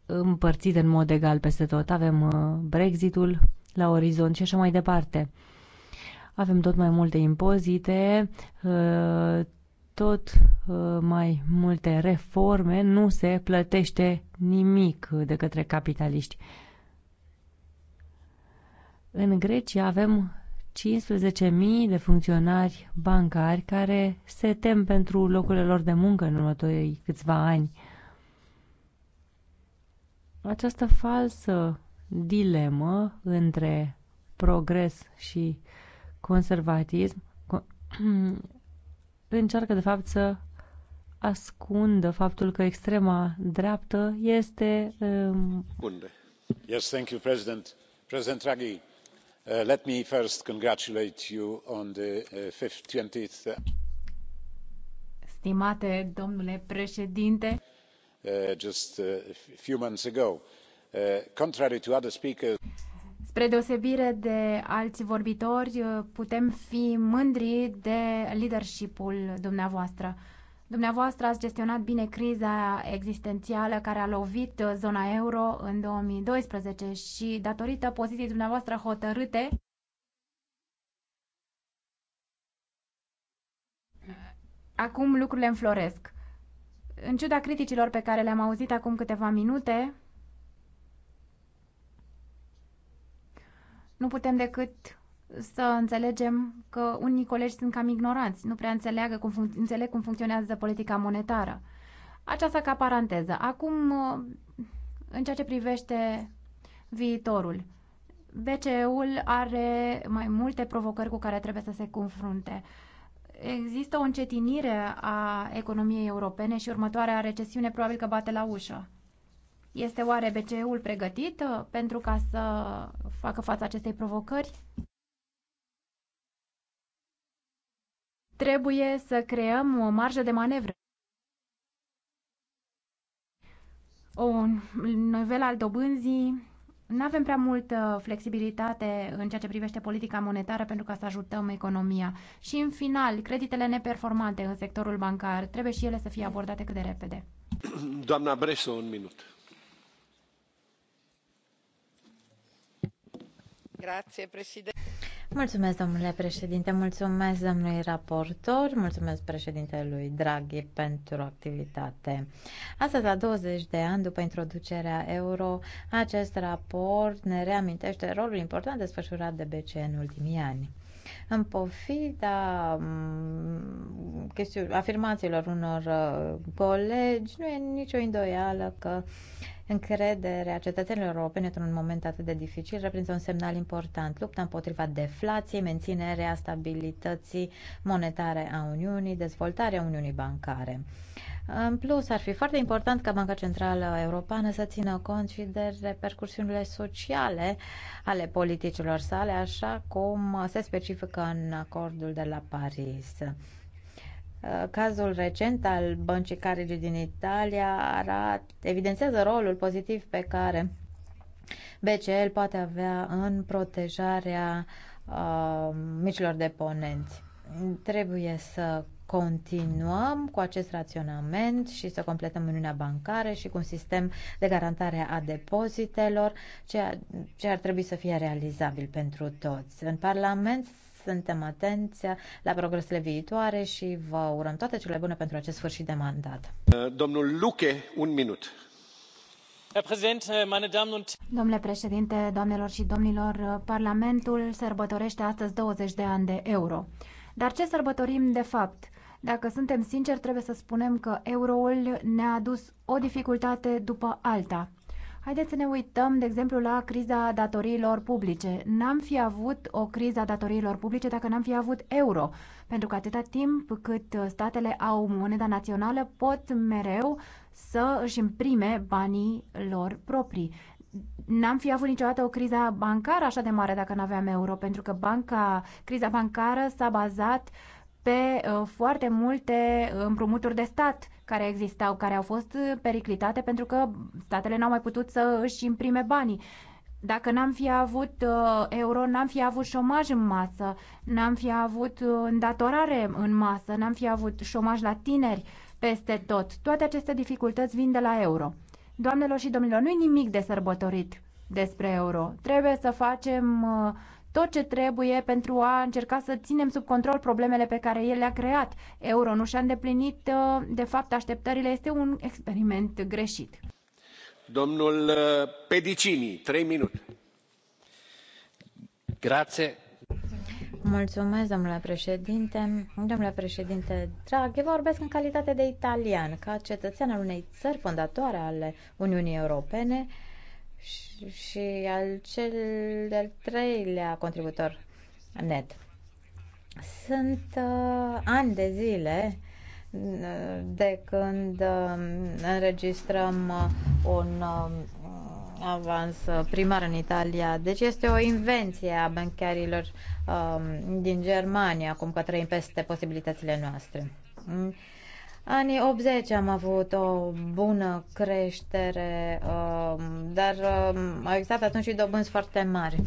împărțit în mod egal peste tot. Avem uh, Brexitul la orizont și așa mai departe. Avem tot mai multe impozite, uh, tot uh, mai multe reforme, nu se plătește nimic de către capitaliști. În Grecia avem 15.000 de funcționari bancari care se tem pentru locurile lor de muncă în următorii câțiva ani această falsă dilemă între progres și conservatism încearcă de fapt să ascundă faptul că extrema dreaptă este um... Yes, thank you, President. President Draghi, uh, let me first congratulate you on the uh, 20th. Uh, Stimate domnule președinte, Uh, just uh, a few months ago. Uh, contrary to other speakers, Spre deosebire de alți vorbitori, putem fi mândri de leadershipul dumneavoastră. Dumneavoastră ați gestionat bine criza existențială care a lovit zona euro în 2012 și datorită poziției dumneavoastră hotărâte acum lucrurile înfloresc. În ciuda criticilor pe care le-am auzit acum câteva minute, nu putem decât să înțelegem că unii colegi sunt cam ignoranți, nu prea înțeleagă cum func- înțeleg cum funcționează politica monetară. Aceasta ca paranteză. Acum, în ceea ce privește viitorul, BCE-ul are mai multe provocări cu care trebuie să se confrunte. Uh, există o încetinire a economiei europene și următoarea recesiune probabil că bate la ușă. Este oare BCE-ul pregătit uh, pentru ca să facă față acestei provocări? Trebuie să creăm o marjă de manevră. O nivel al dobânzii nu avem prea multă flexibilitate în ceea ce privește politica monetară pentru ca să ajutăm economia. Și în final, creditele neperformante în sectorul bancar trebuie și ele să fie abordate cât de repede. Doamna Bresu, un minut. Grazie, președinte. Mulțumesc, domnule președinte, mulțumesc domnului raportor, mulțumesc președintelui Draghi pentru activitate. Astăzi, la 20 de ani după introducerea euro, acest raport ne reamintește rolul important desfășurat de BCE în ultimii ani. În pofida mm, afirmațiilor unor uh, colegi, nu e nicio îndoială că încrederea cetățenilor europeni într-un moment atât de dificil reprezintă un semnal important. Lupta împotriva deflației, menținerea stabilității monetare a Uniunii, dezvoltarea Uniunii bancare. În plus, ar fi foarte important ca Banca Centrală Europeană să țină cont și de repercursiunile sociale ale politicilor sale, așa cum se specifică în acordul de la Paris. Cazul recent al băncii Carige din Italia arată evidențiază rolul pozitiv pe care BCL poate avea în protejarea uh, micilor deponenți. Trebuie să continuăm cu acest raționament și să completăm uniunea bancară și cu un sistem de garantare a depozitelor, ceea ce ar trebui să fie realizabil pentru toți. În Parlament suntem atenți la progresele viitoare și vă urăm toate cele bune pentru acest sfârșit de mandat. Domnul Luche, un minut. Domnule președinte, doamnelor și domnilor, Parlamentul sărbătorește astăzi 20 de ani de euro. Dar ce sărbătorim de fapt? Dacă suntem sinceri, trebuie să spunem că euroul ne-a adus o dificultate după alta. Haideți să ne uităm, de exemplu, la criza datoriilor publice. N-am fi avut o criză a datoriilor publice dacă n-am fi avut euro, pentru că atâta timp cât statele au moneda națională pot mereu să își imprime banii lor proprii. N-am fi avut niciodată o criză bancară așa de mare dacă n-aveam euro, pentru că banca, criza bancară s-a bazat uh, pe uh, foarte multe uh, împrumuturi de stat care existau, care au fost uh, periclitate pentru că statele n-au mai putut să își imprime banii. Dacă n-am fi avut uh, euro, n-am fi avut șomaj în masă, n-am fi avut uh, îndatorare în masă, n-am fi avut șomaj la tineri peste tot. Toate aceste dificultăți vin de la euro. Doamnelor și domnilor, nu-i nimic de sărbătorit despre euro. Trebuie să facem uh, tot ce trebuie pentru a încerca să ținem sub control problemele pe care el le-a creat. Euro nu și-a îndeplinit, uh, de fapt, așteptările. Este un experiment greșit. Domnul uh, Pedicini, trei minute. Grație. Mulțumesc, domnule președinte. Domnule președinte eu vorbesc în calitate de italian, ca cetățean al unei țări fondatoare ale Uniunii Europene. Uh, și, al cel de-al treilea contributor net. Sunt uh, ani de zile uh, de când uh, înregistrăm uh, un uh, avans uh, primar în Italia. Deci este o invenție a bancherilor uh, din Germania, acum că trăim peste posibilitățile noastre. Mm. Anii 80 am avut o bună creștere, um, dar um, au existat atunci și dobânzi foarte mari.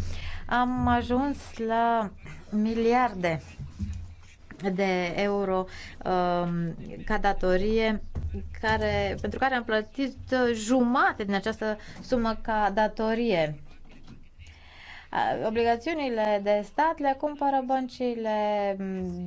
Am ajuns la miliarde de euro um, ca datorie care, pentru care am plătit jumate din această sumă ca datorie. Obligațiunile de stat le cumpără băncile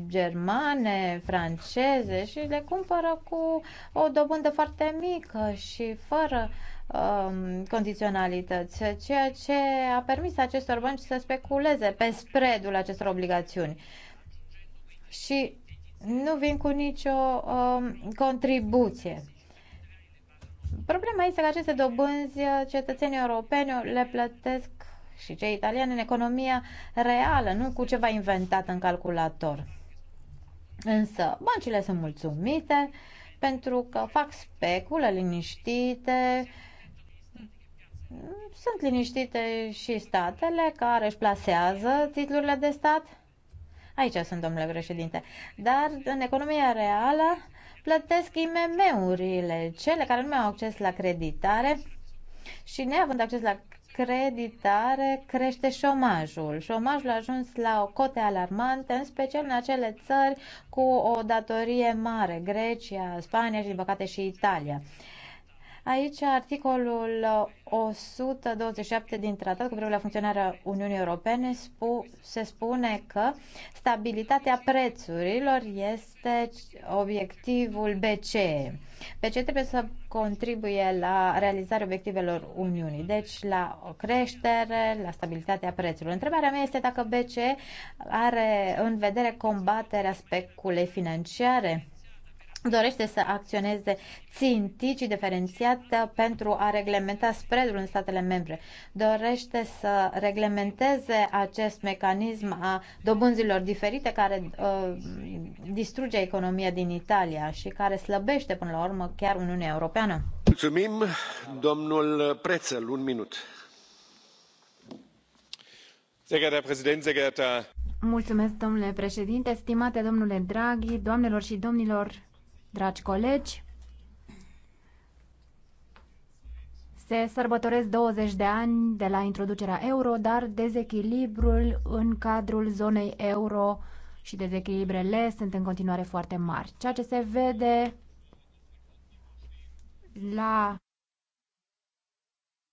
germane, franceze și le cumpără cu o dobândă foarte mică și fără um, condiționalități, ceea ce a permis acestor bănci să speculeze pe spreadul acestor obligațiuni. Și nu vin cu nicio um, contribuție. Problema este că aceste dobânzi cetățenii europeni le plătesc și cea italiană în economia reală, nu cu ceva inventat în calculator. Însă, băncile sunt mulțumite pentru că fac specule liniștite, sunt liniștite și statele care își plasează titlurile de stat. Aici sunt, domnule președinte. Dar în economia reală plătesc IMM-urile, cele care nu mai au acces la creditare și neavând acces la creditare crește șomajul. Șomajul a ajuns la o cote alarmante, în special în acele țări cu o datorie mare, Grecia, Spania și, din păcate, și Italia. Aici articolul 127 uh, din tratat cu privire la funcționarea Uniunii Europene spu- se spune că stabilitatea prețurilor este obiectivul BCE. BCE trebuie să contribuie la realizarea obiectivelor Uniunii, deci la o creștere, la stabilitatea prețurilor. Întrebarea mea este dacă BCE are în vedere combaterea speculei financiare dorește să acționeze țintici și diferențiat uh, pentru a reglementa spreadul în statele membre. Dorește să reglementeze acest mecanism a dobânzilor diferite care uh, distruge economia din Italia și care slăbește până la urmă chiar Uniunea Europeană. Mulțumim, domnul Prețel, un minut. Mulțumesc, domnule președinte, stimate domnule Draghi, doamnelor și domnilor dragi colegi, se sărbătoresc 20 de ani de la introducerea euro, dar dezechilibrul în cadrul zonei euro și dezechilibrele sunt în continuare foarte mari. Ceea ce se vede la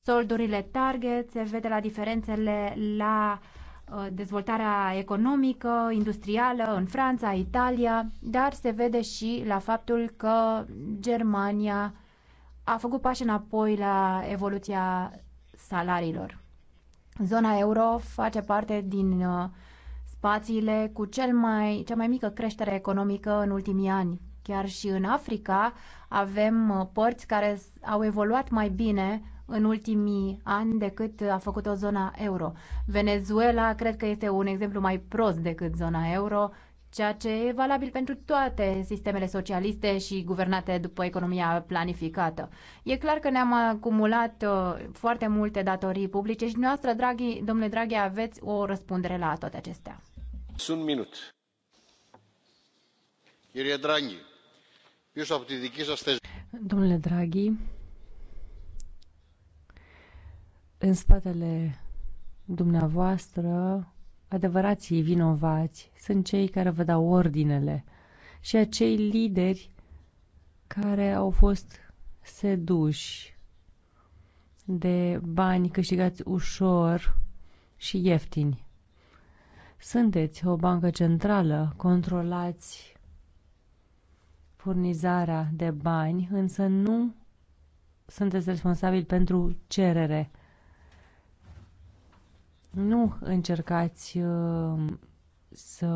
soldurile target, se vede la diferențele la uh, Uh, dezvoltarea economică, industrială în Franța, Italia, dar se vede și la faptul că Germania a făcut pași înapoi la evoluția salariilor. Zona euro face parte din uh, spațiile cu cel mai, cea mai mică creștere economică în ultimii ani. Chiar și în Africa avem uh, părți care au evoluat mai bine în ultimii ani decât a făcut-o zona euro. Venezuela cred că este un exemplu mai prost decât zona euro, ceea ce e valabil pentru toate sistemele socialiste și guvernate după economia planificată. E clar că ne-am acumulat uh, foarte multe datorii publice și noastră, draghi, domnule Draghi, aveți o răspundere la toate acestea. Sunt minut. Domnule Draghi, în spatele dumneavoastră adevărații vinovați sunt cei care vă dau ordinele și acei lideri care au fost seduși de bani câștigați ușor și ieftini. Sunteți o bancă centrală, controlați furnizarea de bani, însă nu sunteți responsabili pentru cerere. Nu încercați uh, să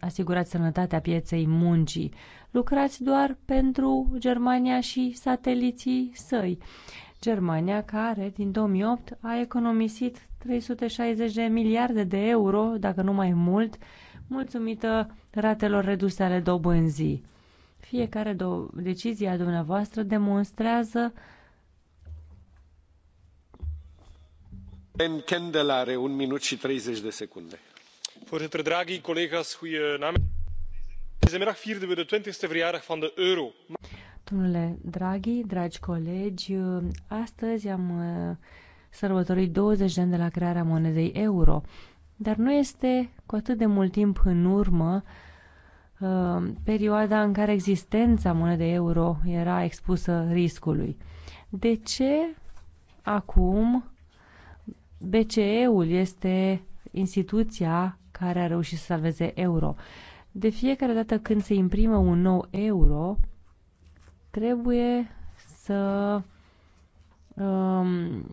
asigurați sănătatea pieței muncii. Lucrați doar pentru Germania și sateliții săi. Germania, care din 2008 a economisit 360 de miliarde de euro, dacă nu mai mult, mulțumită ratelor reduse ale dobânzii. Fiecare do- decizie a dumneavoastră demonstrează uh, voorzitter draghi collega's goedenavond. deze middag vierden we de twintig ste verjaardag van de euro. domnule draghi dragi colegi astăzi am uh, sărbătorit 20 de ani de la crearea monedei euro. Dar nu este cu atât de mult timp în urmă uh, perioada în care existența monedei euro era expusă riscului. De ce acum BCE-ul este instituția care a reușit să salveze euro. De fiecare dată când se imprimă un nou euro, trebuie să um,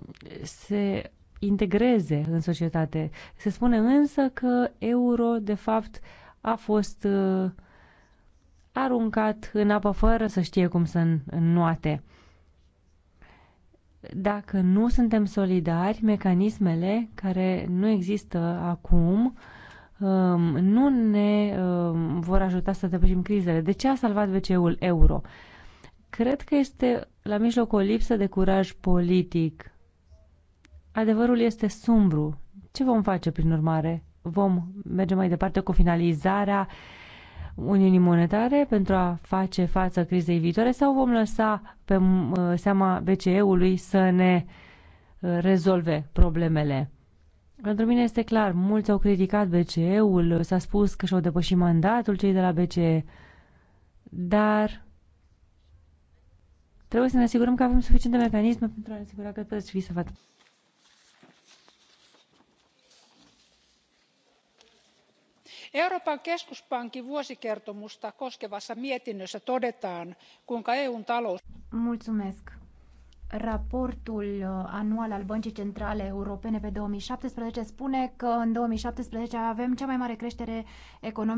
se integreze în societate. Se spune însă că euro, de fapt, a fost uh, aruncat în apă fără să știe cum să înnoate. Dacă nu suntem solidari, mecanismele care nu există acum um, nu ne um, vor ajuta să depășim crizele. De ce a salvat BCE-ul euro? Cred că este la mijloc o lipsă de curaj politic. Adevărul este sumbru. Ce vom face, prin urmare? Vom merge mai departe cu finalizarea uh, Uniunii Monetare pentru a face față crizei viitoare sau vom lăsa pe seama BCE-ului să ne uh, rezolve problemele? Pentru mine este clar, mulți au criticat BCE-ul, s-a spus că și-au depășit mandatul cei de la BCE, dar trebuie să ne asigurăm că avem suficiente mecanisme pentru a ne asigura că toți fi să facă. euroopan keskuspankin vuosikertomusta koskevassa mietinnössä todetaan kuinka eun talous. Mulțumesc. Raportul uh, anual al Băncii Centrale Europene pe 2017 spune că în 2017 avem cea mai mare creștere economică